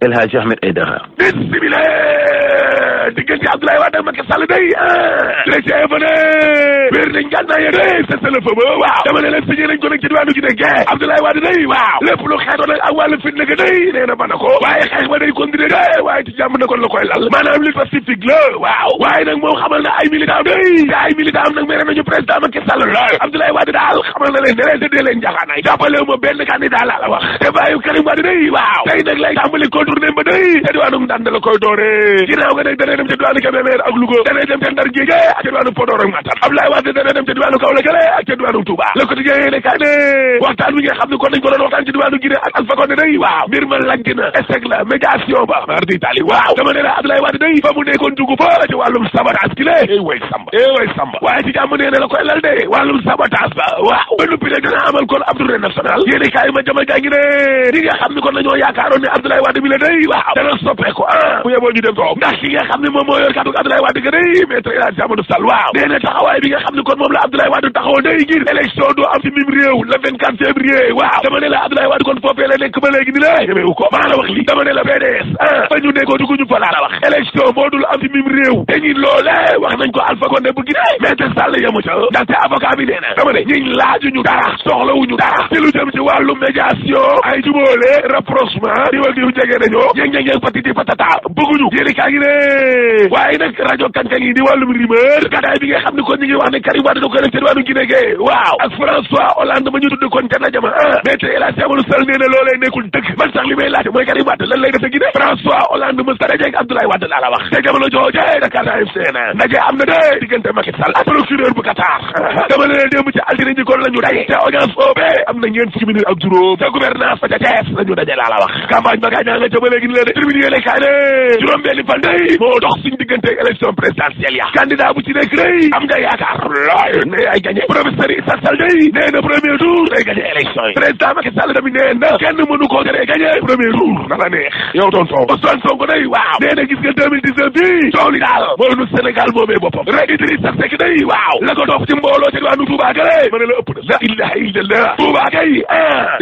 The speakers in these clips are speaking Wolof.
El Hadji Ahmed Aidara diggante Abdoulaye Wade ak Macky Sall day directeur fa ne wér nañ ngànnaay day sa sala fa ba waaw dama ne leen signé nañ ko nag ci diwaanu gi dégg Abdoulaye Wade day waaw lépp lu xeetoon ak wàllu fit naka day nee na ba na ko waaye xeex ba day continuer day eh. waaye ci jàmm na kon la koy lal maanaam lutte pacifique la waaw waaye nag moom xamal na ay militant day te ay militant am nag mere nañu président Macky Sall la Abdoulaye Wade daal xamal na ne leen dëddee leen njaxaanaay jàppale ma benn candidat laa la wax te bàyyi journée ba day ca diwaanum Ndande la koy doore ginnaaw nga nag danee dem ca diwaanu Kébémer ak Louga danee dem ca Ndar géej ak ca diwaanu Podor ak Matam Abdoulaye Wade danee dem ca diwaanu Kaolack ak ca diwaanu Touba le quotidien yéene kaay ne waxtaan bi nga xam ne kon dañ ko doon waxtaan ci diwaanu Guinée ak Alpha Condé day waaw mbir ma lajj na échec la médiation ba mar di tali waaw dama ne la Abdoulaye Wade day fa mu nekkoon dugg fa ci wàllum sabotage ki lé éy way samba éy eh way samba waaye ci jàmm nee ne la koy lal de wàllum sabotage ba waaw ba noppi nag dana amal kon ab journée nationale yéene kaay ma jama jaa ngi ne di nga xam ne kon dañoo yaakaaroon ne Abdoulaye Wade bi ne day waaw dana soppeeku ah bu yeboo ñu dem toog ndax ki nga xam ne moom moo yor kàddu Abdoulaye Wade ga day maître El Hadji Amadou Sall waaw nee na taxawaay bi moom la Abdoulaye Wade taxaw day ngir élection doo am ci mim réew le vingt waaw dama ne la kon foofee la nekk ba léegi ni la wax li dama ne la PDS ah fa ñu ne ko duguñu fa laa la wax élection moo dul am ci mim réew te ñi wax nañ bëggoon ne bu Guinée mais te Sall yemu ca ndaxte avocat bi nee na dama ne ñi laajuñu dara soxlawuñu dara ci lu jëm ci wàllu médiation ay jubóole rapprochement diw ak diw jege nañoo ñeeg ñeeg ñeeg patiti patata bëggu gaa ngi ne waaye nag rajo kankal yi di wàllum rumeur gàddaay bi nga xam ne kon ñu ngi wax ne da ko def ca diwaanu Guinée gee waaw ak François Hollande ba ñu tudd kon ca najama ah maître El Hadji Amadou Sall nee na loolee nekkul dëgg man sax li may laajte mooy Karim Wade lan lay def ca Guinée François Hollande mës ta Dakar Times nee na ndaje am na de diggante Macky Sall ak procureur bu Qatar ah dama leen démb ci altine ji ca Thiès la ñu daje laa la wax campagne ba gaa ñaa nga ca loolu day moo dox suñu diggante élection présidentielle ya candidat bu ci nekk day am nga yaakaar looy ne ay gagné professeur Issa Sall day nee na premier tour day gagné élection yi président Macky Sall tamit nee na kenn mënu koo gën a gagné premier na la neex yow doon toog Ousmane Sonko day waaw nee na gis nga 2019 bii tool yi daal mooy nu Sénégal moomee boppam rek Idrissa Seck day waaw la ko dox ci mbooloo ca diwaanu Touba gale mën na la ëpp na la ilaha illallah Touba kay ah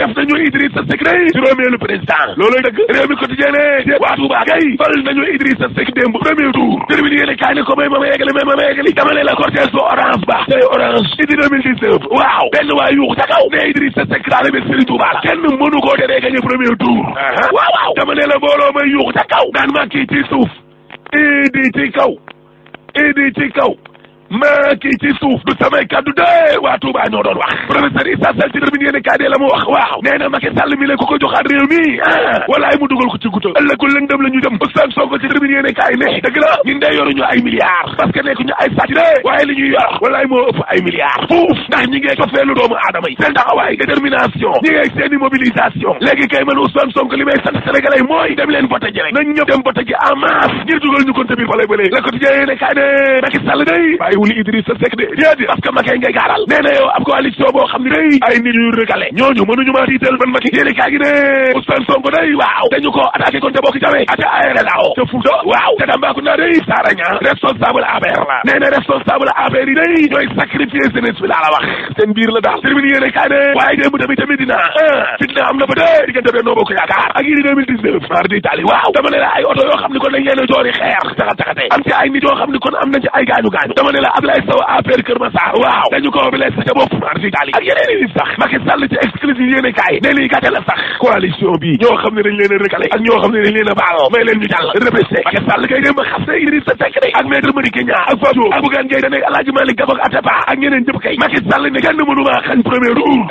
mi quotidien ne sa sek démb premier tour terminé yéene kaay ne ko may ma ma yegali may ma ma yegali dama ne la cortège bu orange ba day orange idi 2019 waaw benn waay yuux ca kaw ne Idrissa Seck daal bés Serigne Touba la kenn mënu koo teree gagné premier tour uh-huh. waaw waaw dama la mbooloo may yuux ca kaw naan ma kii ci suuf idi ci kaw idi ci kaw maa kii ci suuf du samay kaddu de waa Touba ñoo doon wax professeur Issa Sall ci tribune yéene kaay dee la mu wax waaw nee na Macky Sall mi la ko ko joxaat réew mi ah walaay mu dugal ko ci guta ëllëgu lëndëm la ñu dem Ousmane Sonko ci tribune yéene ne dëgg la ñun de ay milliards parce que nekkuñu ay sàcc de li ñuy yor walaay moo ëpp ay milliards fuuf ndax ñi ngee doomu aadama yi seen taxawaay détermination ñi ngee seen kay man Ousmane li Idrissa Seck de déedéet parce que Macky ngay gaaral nee na yow ab coalition boo xam ne day ay nit yu rëkkale ñooñu mënuñu maa tiital man Macky yéene kaa gi ne Ousmane Sonko day waaw dañu ko attaqué kon te bokk jamee ata arelao te Fuuta waaw te Tambacounda day Sara Niang responsable APR la nee na responsable APR yi day ñooy sacrifier jeunesse bi ah, di 2019 mar di ay oto yoo xam la Ablaye Sow affaire Kër Massar waaw dañu ko blessé ca bopp mardi daal ak yeneen i nit sax Macky Sall ci exclusive yéene kaay ne lii gàtte la sax coalition bi ñoo xam ne dañ leen a rëkkale ak ñoo xam ne dañ leen a baaloo may leen ñu jàll repêché Macky Sall kay dem ba xas ne Idrissa Seck de ak maître Madické Niang ak Fatou ak Bougane Gueye Dany Alhaji Malick Gakou Atepa ak ñeneen ñëpp kay Macky Sall ne kenn mënuma xañ premier tour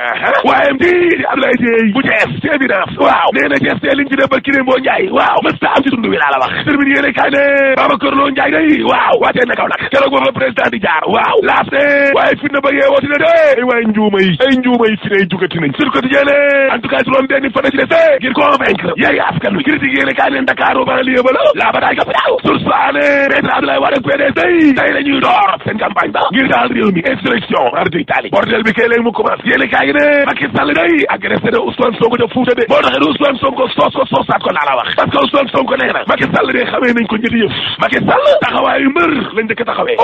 waaye di Ablaye Dieye bu Thiès ci évidence waaw nee na Thiès te liñ ci def ba Kiré Mbo Ndiaye waaw mësta am ci tund wi laa la wax termine yéene kaay ne Babacar Lo Ndiaye day waaw waatee na kaw nag keroog booba président daal di jaar waaw laas ne waaye fitna ba yeewoo ti na dee waaye njuuma yi ay njuuma yi fi nay jugati nañ sur quotidien en tout cas juróom benn fan ci dese eh, ngir convaincre yeey askan wi critique yéene kaay leen Dakar ba lieu ba la laa ba daaj ka fidaaw source aane Maître Abdoulaye Wade ak PDS day eh, tey la ñuy door seen campagne ba ngir daal réew mi insurrection ardi Italie bordel bi kay léegi mu commence yéene kaay gi ne Macky Sall day agressé de Ousmane Sonko ja fuuta de moo taxee de Ousmane Sonko soos ko soosaat ko laa la wax parce que Ousmane Sonko nee na Macky Sall de xamee nañ ko ñetti yëf Macky Sall taxawaayu mbër lañ dëkk taxawee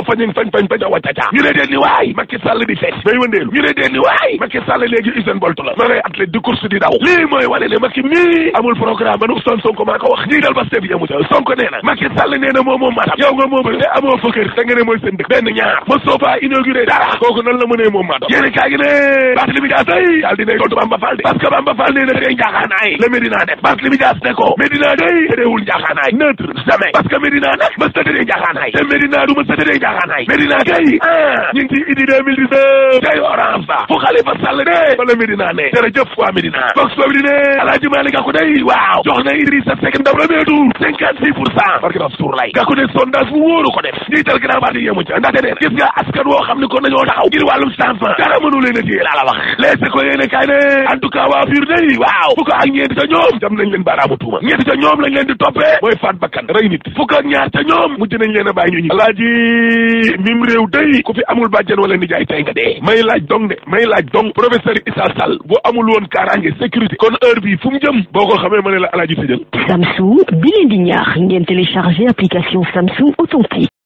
pañ pañ pañ a wàccaca ñu ne deen ni Sall di fees day wëndeelu ñu ne Sall léegi Usain Bolt la ma ngay athlète di course di daw lii mooy wane ne Macky mii amul programme man Ousmane Sonko maa ko wax ñii dal Pastef yi amu ca Sonko nee na Macky Sall nee moom moom maatam yow nga mooma te amoo te nga mooy seen benn ñaar ma soo faa dara kooku nan la mënee moom maatam yéene kaa gi ne Barthélémy Dias day day tëreewul njaaxaanaay neutre jamais parce que Médina nag mës ta tëree njaaxaanaay Medina kay ah eh, ñu ngi ci idi 2019 kay orange ba fu Khalifa Sall de bala Medina ne jërëjëf waa Medina box boobu di ne Alaaji Malick Gakou day waaw jox na Idrissa Seck ndaw premier tour cinquante six pour cent barke daf suur lay Gakou de sondage bu wóoru ko def ñuy tal ginnaaw baat yi yemu ca ndaxte de gis nga askan woo xam ne kon dañoo taxaw ngir wàllum changement dara mënu leen a téye laa la wax lees ko yéene kaay ne en tout cas waa PUR day waaw fukk ak ñeenti ca ñoom jam nañ leen baaraamu tuuma ñeenti ca ñoom lañ leen di toppee mooy faat bakkan rey nit fukk ak ñaar ca ñoom mujj nañ leen a bàyyi ñu ñi mim réew day ku fi amul bàjjen wala nijaay tey nga dee may laaj dong de may laaj dong professeur Issa Sall bu amul woon kaaraange sécurité kon heure bi fu mu jëm boo ko xamee ma ne la alaaji tëjal Samsung bi leen di ñaax ngeen télécharger application Samsung authentique